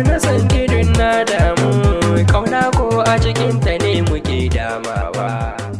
na san irin na damu kauna ko a cikinta ne muke damawa